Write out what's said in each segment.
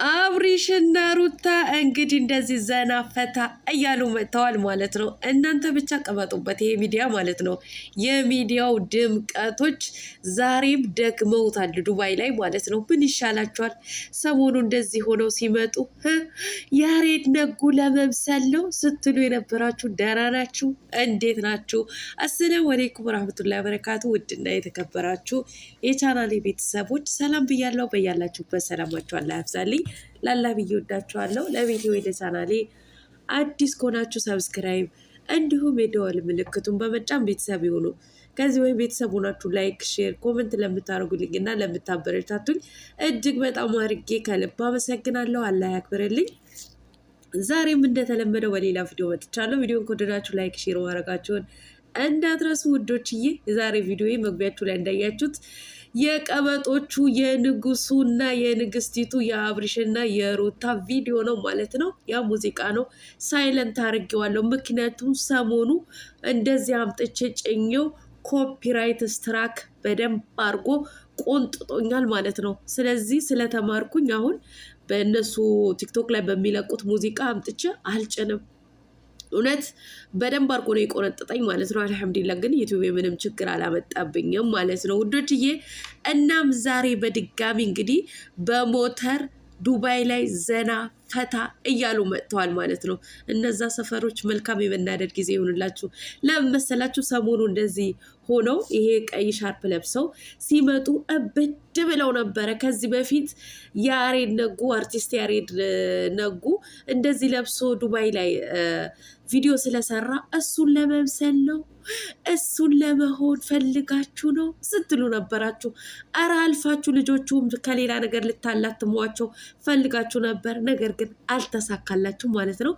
up. አብሪሽና ሩታ እንግዲህ እንደዚህ ዘና ፈታ እያሉ መጥተዋል ማለት ነው። እናንተ ብቻ ቀመጡበት ይሄ ሚዲያ ማለት ነው። የሚዲያው ድምቀቶች ዛሬም ደክመውታል ዱባይ ላይ ማለት ነው። ምን ይሻላቸዋል? ሰሞኑ እንደዚህ ሆነው ሲመጡ ያሬድ ነጉ ለመምሰል ነው ስትሉ የነበራችሁ ደህና ናችሁ? እንዴት ናችሁ? አሰላሙ አሌይኩም ረህመቱላ በረካቱ። ውድና የተከበራችሁ የቻናሌ ቤተሰቦች ሰላም ብያለው። በያላችሁበት ሰላማችኋል ያብዛልኝ። ላላ ብዬ ወዳችኋለሁ። ለቤቴ ወደ ቻናሌ አዲስ ከሆናችሁ ሰብስክራይብ እንዲሁም የደወል ምልክቱን በመጫን ቤተሰብ ይሁኑ። ከዚህ ወይም ቤተሰብ ሆናችሁ ላይክ፣ ሼር፣ ኮመንት ለምታደርጉልኝ እና ለምታበረታቱኝ እጅግ በጣም አድርጌ ከልብ አመሰግናለሁ። አላህ ያክብርልኝ። ዛሬም እንደተለመደው በሌላ ቪዲዮ መጥቻለሁ። ቪዲዮን ከወደዳችሁ ላይክ፣ ሼር ማድረጋችሁን እንዳትረሱ ውዶችዬ። የዛሬ ቪዲዮ መግቢያችሁ ላይ እንዳያችሁት የቀበጦቹ የንጉሱና የንግስቲቱ የአብርሽና የሩታ ቪዲዮ ነው ማለት ነው። ያ ሙዚቃ ነው። ሳይለንት አድርጌዋለሁ፣ ምክንያቱም ሰሞኑ እንደዚህ አምጥቼ ጭኘው ኮፒራይት ስትራክ በደንብ አድርጎ ቆንጥጦኛል ማለት ነው። ስለዚህ ስለተማርኩኝ አሁን በእነሱ ቲክቶክ ላይ በሚለቁት ሙዚቃ አምጥቼ አልጭንም። እውነት በደንብ አድርጎ ነው የቆነጠጠኝ ማለት ነው። አልሐምዲላ ግን ዩቱብ ምንም ችግር አላመጣብኝም ማለት ነው ውዶችዬ። እናም ዛሬ በድጋሚ እንግዲህ በሞተር ዱባይ ላይ ዘና ፈታ እያሉ መጥተዋል ማለት ነው። እነዛ ሰፈሮች መልካም የመናደድ ጊዜ ይሆንላችሁ። ለምን መሰላችሁ? ሰሞኑ እንደዚህ ሆነው ይሄ ቀይ ሻርፕ ለብሰው ሲመጡ እብድ ብለው ነበረ። ከዚህ በፊት ያሬድ ነጉ፣ አርቲስት ያሬድ ነጉ እንደዚህ ለብሶ ዱባይ ላይ ቪዲዮ ስለሰራ እሱን ለመምሰል ነው እሱን ለመሆን ፈልጋችሁ ነው ስትሉ ነበራችሁ። እረ አልፋችሁ ልጆቹም ከሌላ ነገር ልታላትሟቸው ፈልጋችሁ ነበር ነገር ግን አልተሳካላችሁ ማለት ነው።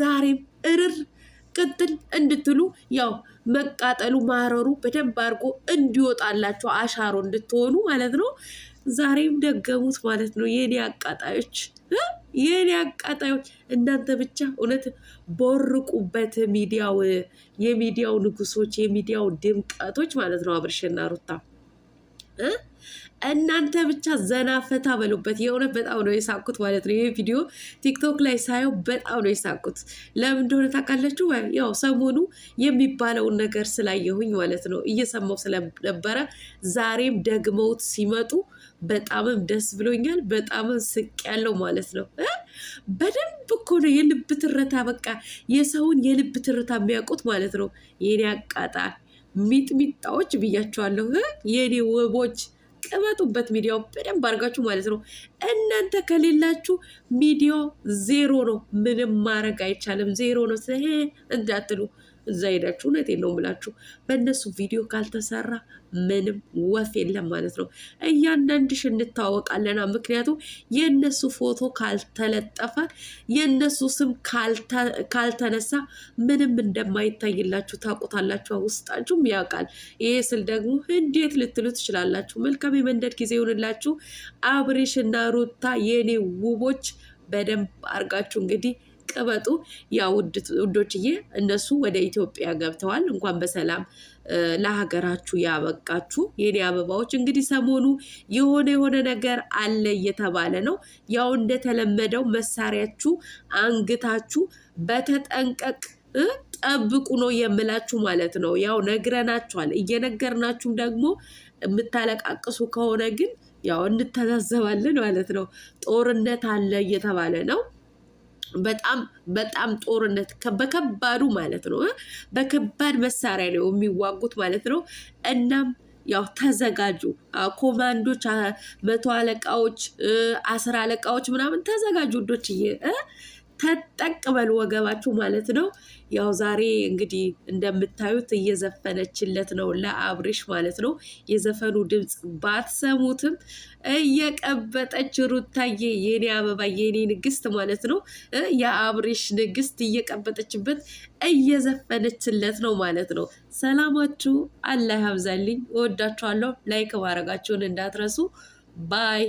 ዛሬም እርር ቅጥል እንድትሉ ያው መቃጠሉ ማረሩ በደንብ አድርጎ እንዲወጣላችሁ አሻሮ እንድትሆኑ ማለት ነው። ዛሬም ደገሙት ማለት ነው። የኔ አቃጣዮች የኔ አቃጣዮች እናንተ ብቻ እውነት ቦርቁበት ሚዲያው የሚዲያው ንጉሶች የሚዲያው ድምቀቶች ማለት ነው አብርሽና ሩታ እናንተ ብቻ ዘና ፈታ በሉበት። የእውነት በጣም ነው የሳቁት ማለት ነው። ይሄ ቪዲዮ ቲክቶክ ላይ ሳየው በጣም ነው የሳቁት። ለምን እንደሆነ ታውቃላችሁ? ያው ሰሞኑ የሚባለውን ነገር ስላየሁኝ ማለት ነው እየሰማው ስለነበረ ዛሬም ደግመውት ሲመጡ በጣምም ደስ ብሎኛል። በጣምም ስቅ ያለው ማለት ነው። በደንብ እኮ ነው የልብ ትርታ፣ በቃ የሰውን የልብ ትርታ የሚያውቁት ማለት ነው። ይህን ያቃጣል ሚጥሚጣዎች ብያቸዋለሁ። የኔ ውቦች ቅበጡበት፣ ሚዲያው በደንብ አድርጋችሁ ማለት ነው። እናንተ ከሌላችሁ ሚዲያው ዜሮ ነው፣ ምንም ማድረግ አይቻልም። ዜሮ ነው እንዳትሉ እዛ ሄዳችሁ እውነት የለውም ብላችሁ በእነሱ ቪዲዮ ካልተሰራ ምንም ወፍ የለም ማለት ነው። እያንዳንድሽ እንታወቃለና፣ ምክንያቱም የእነሱ ፎቶ ካልተለጠፈ የእነሱ ስም ካልተነሳ ምንም እንደማይታይላችሁ ታውቁታላችሁ። ውስጣችሁም ያውቃል። ይሄ ስል ደግሞ እንዴት ልትሉ ትችላላችሁ። መልካም የመንደድ ጊዜ ይሆንላችሁ። አብሬሽ እና ሩታ የኔ ውቦች በደንብ አርጋችሁ እንግዲህ ቅበጡ። ያ ውዶችዬ እነሱ ወደ ኢትዮጵያ ገብተዋል። እንኳን በሰላም ለሀገራችሁ ያበቃችሁ። የኔ አበባዎች እንግዲህ ሰሞኑ የሆነ የሆነ ነገር አለ እየተባለ ነው። ያው እንደተለመደው መሳሪያችሁ አንግታችሁ በተጠንቀቅ ጠብቁ ነው የምላችሁ ማለት ነው። ያው ነግረናችኋል። እየነገርናችሁም ደግሞ የምታለቃቅሱ ከሆነ ግን ያው እንተዛዘባለን ማለት ነው። ጦርነት አለ እየተባለ ነው። በጣም በጣም ጦርነት በከባዱ ማለት ነው። በከባድ መሳሪያ ነው የሚዋጉት ማለት ነው። እናም ያው ተዘጋጁ። ኮማንዶች፣ መቶ አለቃዎች፣ አስር አለቃዎች ምናምን ተዘጋጁ ዶችዬ ተጠቅ በሉ ወገባችሁ ማለት ነው። ያው ዛሬ እንግዲህ እንደምታዩት እየዘፈነችለት ነው ለአብርሽ ማለት ነው። የዘፈኑ ድምፅ ባትሰሙትም እየቀበጠች ሩታዬ፣ የኔ አበባ፣ የኔ ንግስት ማለት ነው። የአብርሽ ንግስት እየቀበጠችበት እየዘፈነችለት ነው ማለት ነው። ሰላማችሁ አላህ ያብዛልኝ። እወዳችኋለሁ። ላይክ ማድረጋችሁን እንዳትረሱ። ባይ